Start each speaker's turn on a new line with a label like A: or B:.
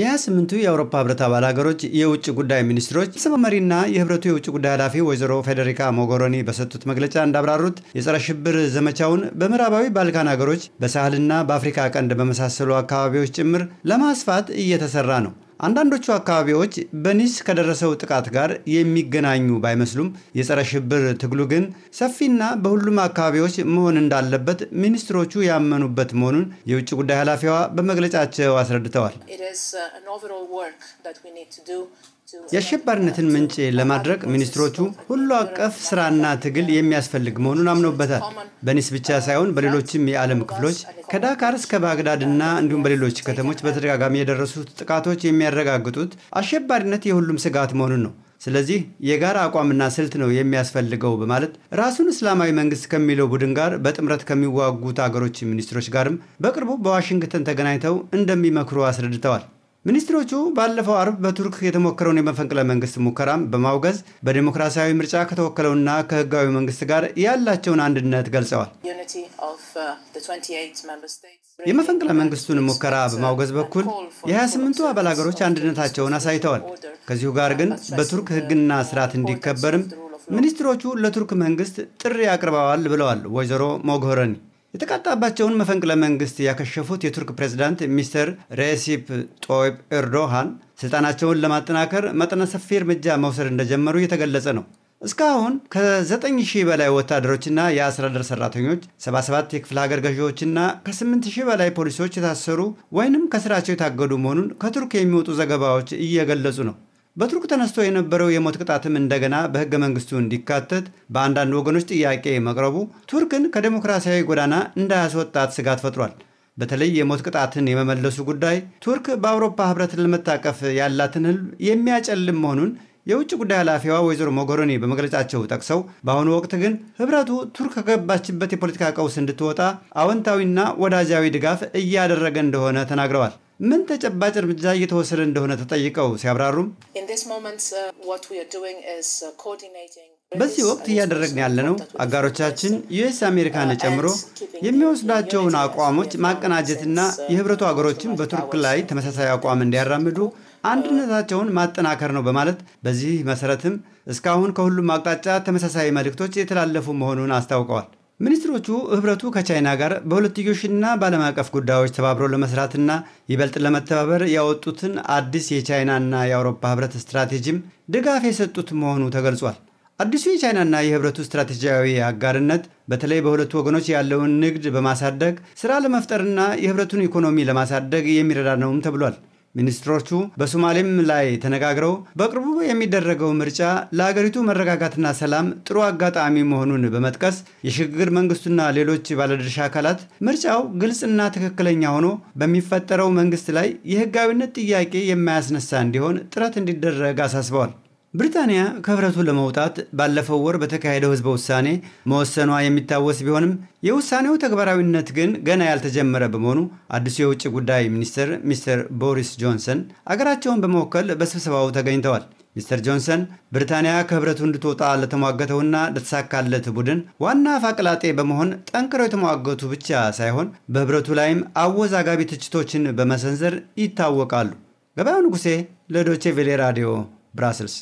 A: የ28ቱ የአውሮፓ ህብረት አባል ሀገሮች የውጭ ጉዳይ ሚኒስትሮች ስመ መሪና የህብረቱ የውጭ ጉዳይ ኃላፊ ወይዘሮ ፌዴሪካ ሞጎሮኒ በሰጡት መግለጫ እንዳብራሩት የጸረ ሽብር ዘመቻውን በምዕራባዊ ባልካን ሀገሮች በሳህልና በአፍሪካ ቀንድ በመሳሰሉ አካባቢዎች ጭምር ለማስፋት እየተሰራ ነው። አንዳንዶቹ አካባቢዎች በኒስ ከደረሰው ጥቃት ጋር የሚገናኙ ባይመስሉም የጸረ ሽብር ትግሉ ግን ሰፊና በሁሉም አካባቢዎች መሆን እንዳለበት ሚኒስትሮቹ ያመኑበት መሆኑን የውጭ ጉዳይ ኃላፊዋ በመግለጫቸው አስረድተዋል። የአሸባሪነትን ምንጭ ለማድረግ ሚኒስትሮቹ ሁሉ አቀፍ ስራና ትግል የሚያስፈልግ መሆኑን አምነውበታል። በኒስ ብቻ ሳይሆን በሌሎችም የዓለም ክፍሎች ከዳካር እስከ ባግዳድና እንዲሁም በሌሎች ከተሞች በተደጋጋሚ የደረሱት ጥቃቶች የሚያረጋግጡት አሸባሪነት የሁሉም ስጋት መሆኑን ነው። ስለዚህ የጋራ አቋምና ስልት ነው የሚያስፈልገው በማለት ራሱን እስላማዊ መንግስት ከሚለው ቡድን ጋር በጥምረት ከሚዋጉት አገሮች ሚኒስትሮች ጋርም በቅርቡ በዋሽንግተን ተገናኝተው እንደሚመክሩ አስረድተዋል። ሚኒስትሮቹ ባለፈው አርብ በቱርክ የተሞከረውን የመፈንቅለ መንግስት ሙከራም በማውገዝ በዲሞክራሲያዊ ምርጫ ከተወከለውና ከህጋዊ መንግስት ጋር ያላቸውን አንድነት ገልጸዋል። uh, የመፈንቅለ መንግስቱን ሙከራ በማውገዝ በኩል የ28ቱ አባል ሀገሮች አንድነታቸውን አሳይተዋል። ከዚሁ ጋር ግን በቱርክ ህግና ስርዓት እንዲከበርም ሚኒስትሮቹ ለቱርክ መንግስት ጥሪ አቅርበዋል ብለዋል ወይዘሮ ሞጎረኒ የተቃጣባቸውን መፈንቅለ መንግስት ያከሸፉት የቱርክ ፕሬዝዳንት ሚስተር ሬሲፕ ጦይብ ኤርዶሃን ስልጣናቸውን ለማጠናከር መጠነ ሰፊ እርምጃ መውሰድ እንደጀመሩ እየተገለጸ ነው። እስካሁን ከዘጠኝ ሺህ በላይ ወታደሮችና የአስተዳደር ሰራተኞች፣ 77 የክፍለ ሀገር ገዢዎችና ከ8 በላይ ፖሊሶች የታሰሩ ወይንም ከስራቸው የታገዱ መሆኑን ከቱርክ የሚወጡ ዘገባዎች እየገለጹ ነው። በቱርክ ተነስቶ የነበረው የሞት ቅጣትም እንደገና በህገ መንግስቱ እንዲካተት በአንዳንድ ወገኖች ጥያቄ መቅረቡ ቱርክን ከዴሞክራሲያዊ ጎዳና እንዳያስወጣት ስጋት ፈጥሯል። በተለይ የሞት ቅጣትን የመመለሱ ጉዳይ ቱርክ በአውሮፓ ህብረት ለመታቀፍ ያላትን ህልብ የሚያጨልም መሆኑን የውጭ ጉዳይ ኃላፊዋ ወይዘሮ ሞገሪኒ በመግለጫቸው ጠቅሰው በአሁኑ ወቅት ግን ህብረቱ ቱርክ ከገባችበት የፖለቲካ ቀውስ እንድትወጣ አዎንታዊና ወዳጃዊ ድጋፍ እያደረገ እንደሆነ ተናግረዋል። ምን ተጨባጭ እርምጃ እየተወሰደ እንደሆነ ተጠይቀው ሲያብራሩም uh, uh, በዚህ ወቅት እያደረግን ያለነው አጋሮቻችን ዩኤስ አሜሪካን ጨምሮ የሚወስዳቸውን አቋሞች ማቀናጀትና uh, የህብረቱ አገሮችን በቱርክ ላይ ተመሳሳይ አቋም እንዲያራምዱ አንድነታቸውን ማጠናከር ነው በማለት በዚህ መሰረትም እስካሁን ከሁሉም አቅጣጫ ተመሳሳይ መልእክቶች የተላለፉ መሆኑን አስታውቀዋል። ሚኒስትሮቹ ህብረቱ ከቻይና ጋር በሁለትዮሽና በዓለም አቀፍ ጉዳዮች ተባብሮ ለመስራትና ይበልጥ ለመተባበር ያወጡትን አዲስ የቻይናና የአውሮፓ ህብረት ስትራቴጂም ድጋፍ የሰጡት መሆኑ ተገልጿል። አዲሱ የቻይናና የህብረቱ ስትራቴጂያዊ አጋርነት በተለይ በሁለቱ ወገኖች ያለውን ንግድ በማሳደግ ስራ ለመፍጠርና የህብረቱን ኢኮኖሚ ለማሳደግ የሚረዳ ነውም ተብሏል። ሚኒስትሮቹ በሶማሌም ላይ ተነጋግረው በቅርቡ የሚደረገው ምርጫ ለአገሪቱ መረጋጋትና ሰላም ጥሩ አጋጣሚ መሆኑን በመጥቀስ የሽግግር መንግስቱና ሌሎች ባለድርሻ አካላት ምርጫው ግልጽና ትክክለኛ ሆኖ በሚፈጠረው መንግስት ላይ የህጋዊነት ጥያቄ የማያስነሳ እንዲሆን ጥረት እንዲደረግ አሳስበዋል። ብሪታንያ ከህብረቱ ለመውጣት ባለፈው ወር በተካሄደው ህዝበ ውሳኔ መወሰኗ የሚታወስ ቢሆንም የውሳኔው ተግባራዊነት ግን ገና ያልተጀመረ በመሆኑ አዲሱ የውጭ ጉዳይ ሚኒስትር ሚስተር ቦሪስ ጆንሰን አገራቸውን በመወከል በስብሰባው ተገኝተዋል። ሚስተር ጆንሰን ብሪታንያ ከህብረቱ እንድትወጣ ለተሟገተውና ለተሳካለት ቡድን ዋና አፈቀላጤ በመሆን ጠንክረው የተሟገቱ ብቻ ሳይሆን በህብረቱ ላይም አወዛጋቢ ትችቶችን በመሰንዘር ይታወቃሉ። ገበያው ንጉሴ ለዶቼ ቬሌ ራዲዮ ብራስልስ